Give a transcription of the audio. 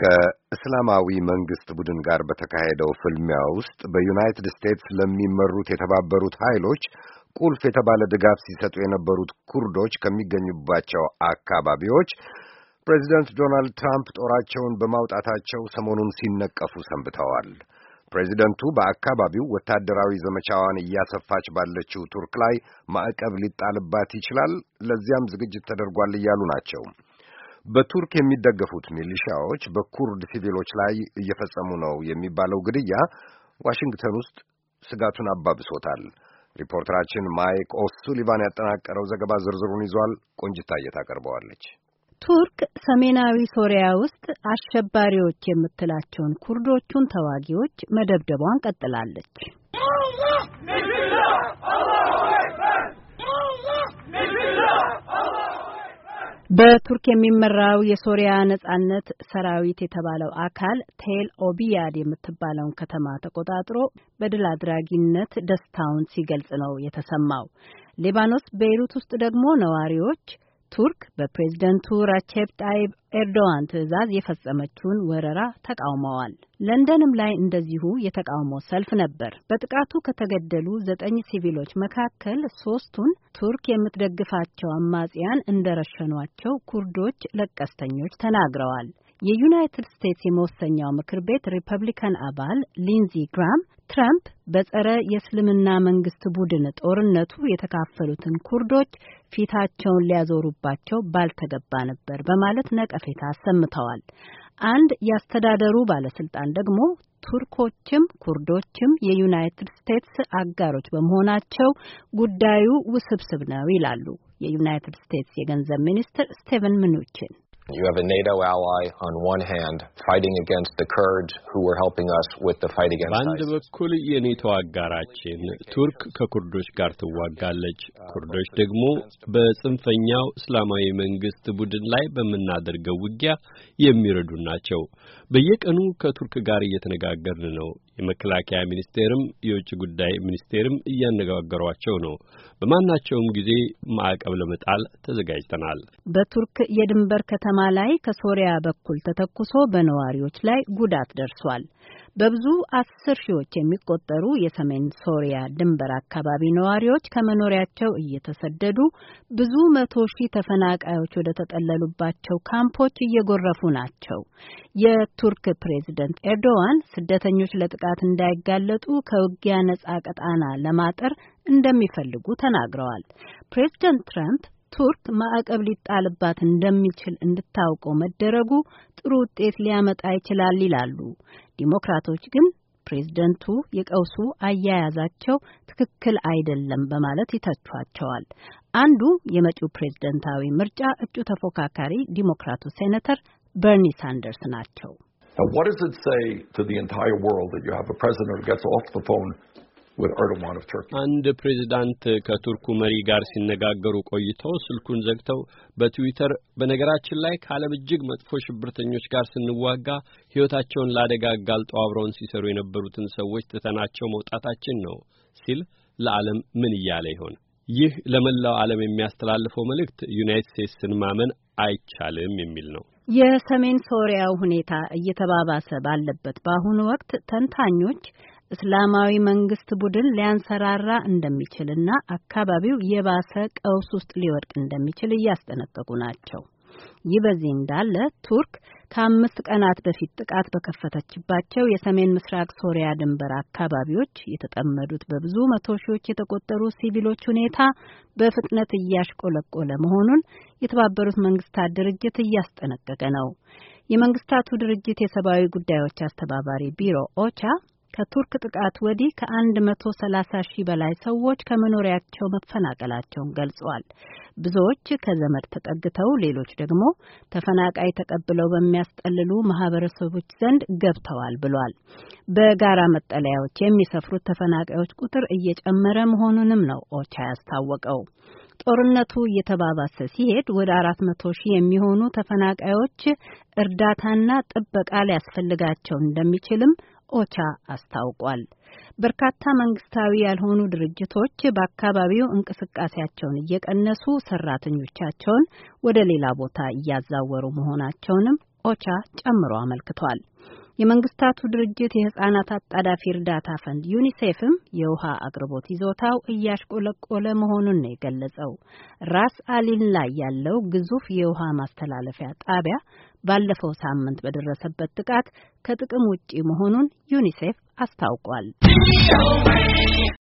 ከእስላማዊ መንግስት ቡድን ጋር በተካሄደው ፍልሚያ ውስጥ በዩናይትድ ስቴትስ ለሚመሩት የተባበሩት ኃይሎች ቁልፍ የተባለ ድጋፍ ሲሰጡ የነበሩት ኩርዶች ከሚገኙባቸው አካባቢዎች ፕሬዚደንት ዶናልድ ትራምፕ ጦራቸውን በማውጣታቸው ሰሞኑን ሲነቀፉ ሰንብተዋል። ፕሬዚደንቱ በአካባቢው ወታደራዊ ዘመቻዋን እያሰፋች ባለችው ቱርክ ላይ ማዕቀብ ሊጣልባት ይችላል፣ ለዚያም ዝግጅት ተደርጓል እያሉ ናቸው። በቱርክ የሚደገፉት ሚሊሻዎች በኩርድ ሲቪሎች ላይ እየፈጸሙ ነው የሚባለው ግድያ ዋሽንግተን ውስጥ ስጋቱን አባብሶታል። ሪፖርተራችን ማይክ ኦሱሊቫን ያጠናቀረው ዘገባ ዝርዝሩን ይዟል። ቆንጅታየት እየታቀርበዋለች። ቱርክ ሰሜናዊ ሶሪያ ውስጥ አሸባሪዎች የምትላቸውን ኩርዶቹን ተዋጊዎች መደብደቧን ቀጥላለች። በቱርክ የሚመራው የሶሪያ ነጻነት ሰራዊት የተባለው አካል ቴል ኦቢያድ የምትባለውን ከተማ ተቆጣጥሮ በድል አድራጊነት ደስታውን ሲገልጽ ነው የተሰማው። ሊባኖስ ቤይሩት ውስጥ ደግሞ ነዋሪዎች ቱርክ በፕሬዝደንቱ ራቼፕ ጣይብ ኤርዶዋን ትዕዛዝ የፈጸመችውን ወረራ ተቃውመዋል። ለንደንም ላይ እንደዚሁ የተቃውሞ ሰልፍ ነበር። በጥቃቱ ከተገደሉ ዘጠኝ ሲቪሎች መካከል ሶስቱን ቱርክ የምትደግፋቸው አማጽያን እንደረሸኗቸው ኩርዶች ለቀስተኞች ተናግረዋል። የዩናይትድ ስቴትስ የመወሰኛው ምክር ቤት ሪፐብሊካን አባል ሊንዚ ግራም ትራምፕ በጸረ የእስልምና መንግስት ቡድን ጦርነቱ የተካፈሉትን ኩርዶች ፊታቸውን ሊያዞሩባቸው ባልተገባ ነበር በማለት ነቀፌታ አሰምተዋል። አንድ ያስተዳደሩ ባለስልጣን ደግሞ ቱርኮችም ኩርዶችም የዩናይትድ ስቴትስ አጋሮች በመሆናቸው ጉዳዩ ውስብስብ ነው ይላሉ። የዩናይትድ ስቴትስ የገንዘብ ሚኒስትር ስቴቨን ምኑችን። You have a NATO ally on one hand fighting against the Kurds who were helping us with the fight against ISIS. በአንድ በኩል የኔቶ አጋራችን ቱርክ ከኩርዶች ጋር ትዋጋለች፣ ኩርዶች ደግሞ በጽንፈኛው እስላማዊ መንግስት ቡድን ላይ በምናደርገው ውጊያ የሚረዱ ናቸው። በየቀኑ ከቱርክ ጋር እየተነጋገርን ነው። የመከላከያ ሚኒስቴርም የውጭ ጉዳይ ሚኒስቴርም እያነጋገሯቸው ነው። በማናቸውም ጊዜ ማዕቀብ ለመጣል ተዘጋጅተናል። በቱርክ የድንበር ከተማ ላይ ከሶሪያ በኩል ተተኩሶ በነዋሪዎች ላይ ጉዳት ደርሷል። በብዙ አስር ሺዎች የሚቆጠሩ የሰሜን ሶሪያ ድንበር አካባቢ ነዋሪዎች ከመኖሪያቸው እየተሰደዱ ብዙ መቶ ሺህ ተፈናቃዮች ወደ ተጠለሉባቸው ካምፖች እየጎረፉ ናቸው። የቱርክ ፕሬዝደንት ኤርዶዋን ስደተኞች ለጥቃት እንዳይጋለጡ ከውጊያ ነጻ ቀጣና ለማጠር እንደሚፈልጉ ተናግረዋል። ፕሬዝደንት ትራምፕ ቱርክ ማዕቀብ ሊጣልባት እንደሚችል እንድታውቀው መደረጉ ጥሩ ውጤት ሊያመጣ ይችላል ይላሉ። ዲሞክራቶች ግን ፕሬዝደንቱ የቀውሱ አያያዛቸው ትክክል አይደለም በማለት ይተቿቸዋል። አንዱ የመጪው ፕሬዝደንታዊ ምርጫ እጩ ተፎካካሪ ዲሞክራቱ ሴኔተር በርኒ ሳንደርስ ናቸው። Now, what does it say to the entire world that you have a president who gets off the phone አንድ ፕሬዚዳንት ከቱርኩ መሪ ጋር ሲነጋገሩ ቆይተው ስልኩን ዘግተው በትዊተር በነገራችን ላይ ከዓለም እጅግ መጥፎ ሽብርተኞች ጋር ስንዋጋ ሕይወታቸውን ለአደጋ አጋልጠው አብረውን ሲሰሩ የነበሩትን ሰዎች ትተናቸው መውጣታችን ነው ሲል ለዓለም ምን እያለ ይሆን? ይህ ለመላው ዓለም የሚያስተላልፈው መልእክት ዩናይትድ ስቴትስን ማመን አይቻልም የሚል ነው። የሰሜን ሶሪያው ሁኔታ እየተባባሰ ባለበት በአሁኑ ወቅት ተንታኞች እስላማዊ መንግስት ቡድን ሊያንሰራራ እንደሚችልና አካባቢው የባሰ ቀውስ ውስጥ ሊወድቅ እንደሚችል እያስጠነቀቁ ናቸው። ይህ በዚህ እንዳለ ቱርክ ከአምስት ቀናት በፊት ጥቃት በከፈተችባቸው የሰሜን ምስራቅ ሶሪያ ድንበር አካባቢዎች የተጠመዱት በብዙ መቶ ሺዎች የተቆጠሩ ሲቪሎች ሁኔታ በፍጥነት እያሽቆለቆለ መሆኑን የተባበሩት መንግስታት ድርጅት እያስጠነቀቀ ነው። የመንግስታቱ ድርጅት የሰብአዊ ጉዳዮች አስተባባሪ ቢሮ ኦቻ ከቱርክ ጥቃት ወዲህ ከ130 ሺህ በላይ ሰዎች ከመኖሪያቸው መፈናቀላቸውን ገልጿል። ብዙዎች ከዘመድ ተጠግተው፣ ሌሎች ደግሞ ተፈናቃይ ተቀብለው በሚያስጠልሉ ማህበረሰቦች ዘንድ ገብተዋል ብሏል። በጋራ መጠለያዎች የሚሰፍሩት ተፈናቃዮች ቁጥር እየጨመረ መሆኑንም ነው ኦቻ ያስታወቀው። ጦርነቱ እየተባባሰ ሲሄድ ወደ አራት መቶ ሺህ የሚሆኑ ተፈናቃዮች እርዳታና ጥበቃ ሊያስፈልጋቸው እንደሚችልም ኦቻ አስታውቋል። በርካታ መንግስታዊ ያልሆኑ ድርጅቶች በአካባቢው እንቅስቃሴያቸውን እየቀነሱ ሰራተኞቻቸውን ወደ ሌላ ቦታ እያዛወሩ መሆናቸውንም ኦቻ ጨምሮ አመልክቷል። የመንግስታቱ ድርጅት የህጻናት አጣዳፊ እርዳታ ፈንድ ዩኒሴፍም የውሃ አቅርቦት ይዞታው እያሽቆለቆለ መሆኑን ነው የገለጸው። ራስ አሊን ላይ ያለው ግዙፍ የውሃ ማስተላለፊያ ጣቢያ ባለፈው ሳምንት በደረሰበት ጥቃት ከጥቅም ውጪ መሆኑን ዩኒሴፍ አስታውቋል።